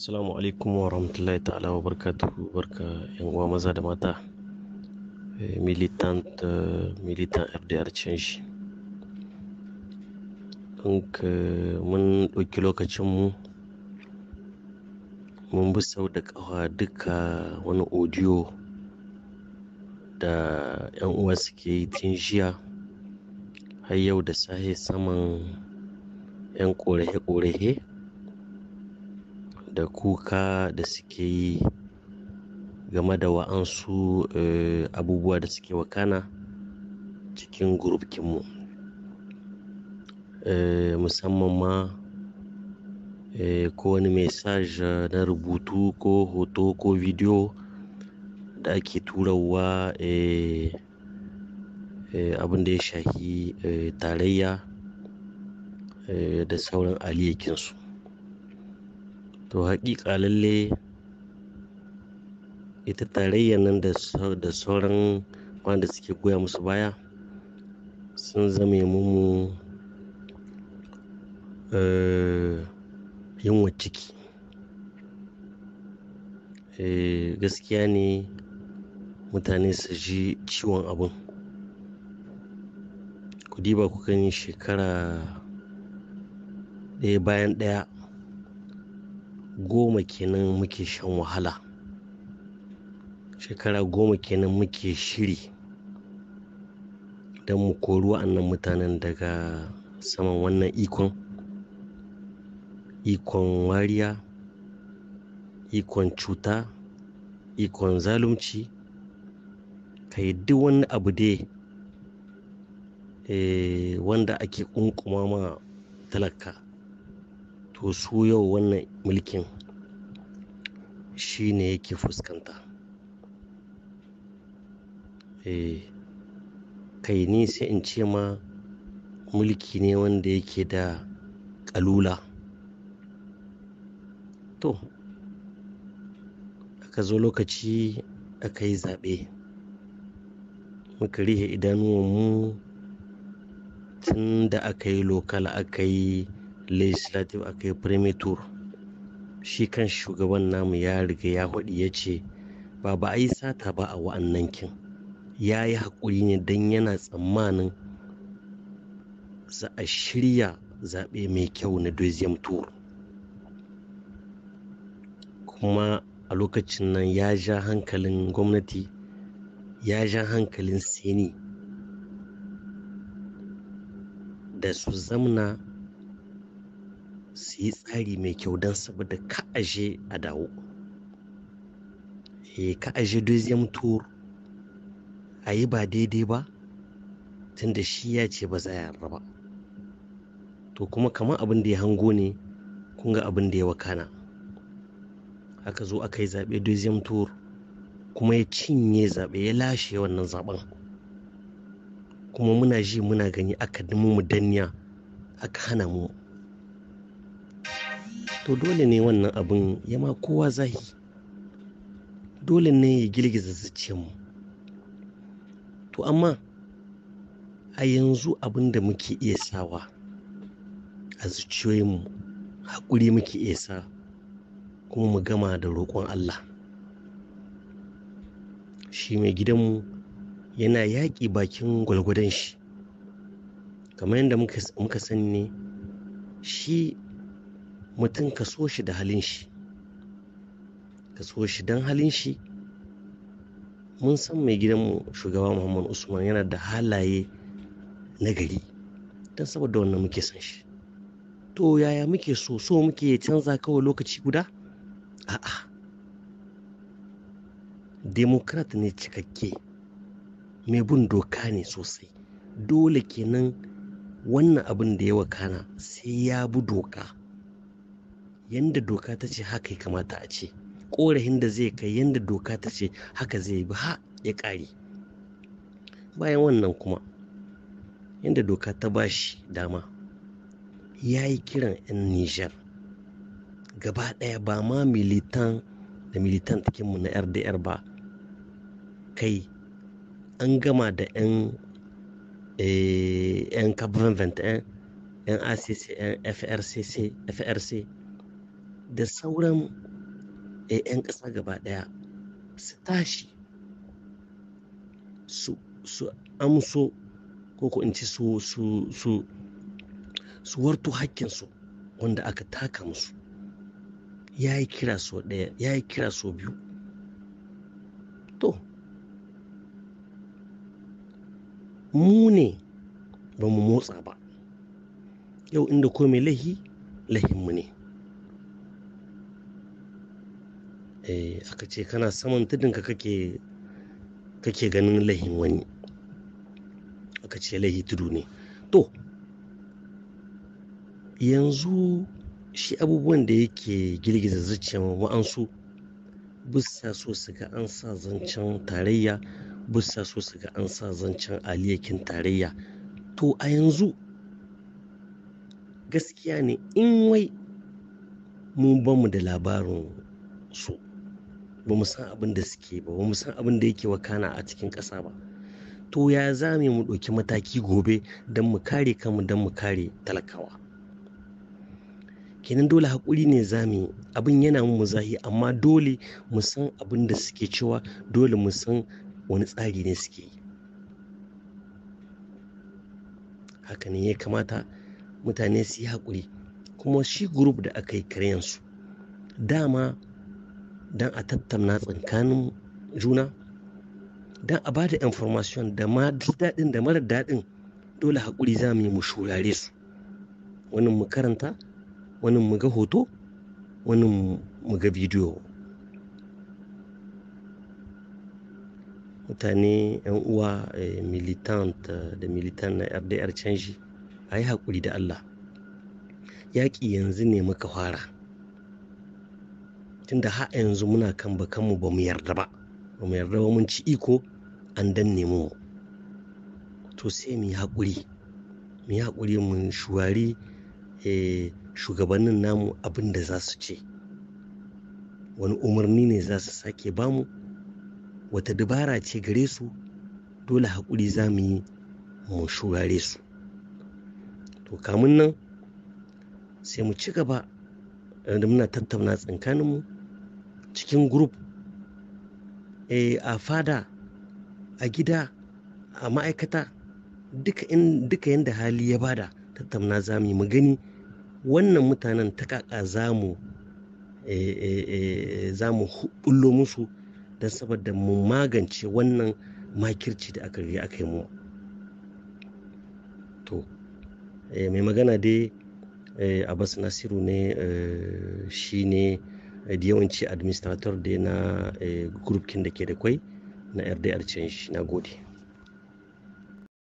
Assalamu alaikum wa rahmatullahi ta'ala wa barkatuhu barka yan uwa maza da mata eh, militant eh, militant FDR change eh, mun ɗauki lokacinmu mun bi sau da ƙawa duka wani odiyo da 'yan uwa suke yi tun jiya har yau da sahe saman 'yan ƙorahe-ƙorahe da kuka da suke yi game da wa'ansu eh, abubuwa da suke wakana cikin gurbkinmu eh, musamman ma eh, ko wani mesaj na rubutu ko hoto ko bidiyo da ake turawa abin da ya shahi tarayya da sauran aliyakinsu to haƙiƙa lalle ita tarayya nan da sauran wanda suke goya musu baya sun zame mu eh, yunwa ciki eh, gaskiya ne mutane su ji ciwon abin ku diba ku kan shekara ɗaya bayan ɗaya goma kenan muke shan wahala shekara goma kenan muke shiri don mu kori wa'annan mutanen daga saman wannan ikon ikon wariya ikon cuta ikon zalunci kai duk wani abu dai eh, wanda ake kunkuma ma talaka to su yau wannan mulkin shi ne yake fuskanta eh, kai ni sai in ce ma mulki ne wanda yake da kalula to aka zo lokaci aka yi zaɓe muka rihe idanuwanmu tun da aka yi lokal aka yi legislative a kai premier shi kan shugaban namu ya riga ya haɗi ya ce ba ba a yi sata ba a wa'annan kin ya yi haƙuri ne don yana tsammanin za a shirya zaɓe mai kyau na dozium tour kuma a lokacin nan ya ja hankalin gwamnati ya ja hankalin seni da su zamna su yi tsari mai kyau don saboda ka aje a dawo e ka aje deuxième tour a yi ba daidai ba tunda shi ya ce ba za a raba. to kuma kamar abin da ya hango ne kun ga abin da ya wakana aka zo aka yi zaɓe deuxième tour kuma ya cinye zaɓe ya lashe wannan zaɓen kuma muna ji muna gani aka mu danniya aka hana mu to dole ne wannan abin ya ma kowa zahi dole ne ya girgiza mu. to amma a yanzu abin da muke iya sawa a mu haƙuri muke iya sa kuma mu gama da roƙon Allah shi mai gidanmu yana yaƙi bakin gwalgwadon shi kamar yadda muka sani ne shi mutum ka so shi da halin shi ka so shi don halin shi mun san mai gidanmu shugaba Muhammadu usman yana da halaye na gari don saboda wannan muke san shi to yaya muke so so muke canza kawai lokaci guda a'a democrat ne cikakke mai bin doka ne sosai dole kenan wannan abin da ya wakana sai ya bi doka yanda doka ta ce haka ya kamata a ce korahin da zai kai yanda doka ta ce haka zai bi ha ya ƙare bayan wannan kuma yanda doka ta ba shi dama ya yi kiran 'yan nijar gaba ɗaya ba ma militan da militan mu na rdr ba kai an gama da 'yan eh, yan kabin yan acc yan frcc da sauran 'yan eh, ƙasa gaba ɗaya su tashi su amso ko ko in ci su wartu wanda aka taka musu ya yi kira so ɗaya ya yi kira biyu to mu ne ba mu motsa ba yau inda komai lahi lahinmu ne Eh, aka ce kana saman tudunka kake kake ganin lahin wani aka ce lahi tudu ne to yanzu shi abubuwan da yake girgiza zuciyar wa'ansu bisa so su ga an sa zancen tarayya bisa so su ga an sa zancen aliyakin tarayya to a yanzu gaskiya ne in wai mun mu da labarin su ba mu san abin da suke ba ba mu san abin da yake wakana a cikin ƙasa ba to ya zame mu ɗauki mataki gobe don mu kare kanmu don mu kare talakawa kenan dole haƙuri ne zame abin yana mu zahi amma dole mu san abin da suke cewa dole mu san wani tsari ne suke yi haka ne ya kamata mutane su yi haƙuri kuma shi gurub da aka yi karyansu dama don a tattauna tsakanin juna don a ba da information da ma daɗin da mara daɗin dole haƙuri za mu yi mu shurare su wani mu karanta wani mu ga hoto wani mu ga bidiyo mutane 'yan uwa eh, militant eh, da militant na rdr canji a yi haƙuri da allah yaƙi yanzu ne muka fara tunda har yanzu muna kan bakanmu ba mu yarda ba ba mu yarda ba mun ci iko an danne mu to sai mu yi haƙuri mu yi haƙuri mu shuwari eh, shugabannin namu abin da za su ce wani umarni ne za su sake bamu wata dabara ce gare su dole hakuri za mu yi mu shugare su to kamun nan sai mu ci gaba da muna tattauna tsakaninmu cikin group e, a fada a gida a ma'aikata duka in duka yanda hali ya bada tattauna za mu gani wannan mutanen ta kaka za mu e, e, e, za mu bullo musu don saboda mu magance wannan makirci da aka aka yi mu to mai magana dai abbas nasiru ne shi ne Eh, yawanci administrator da na eh, group kin da ke da kwai na rdr change na gode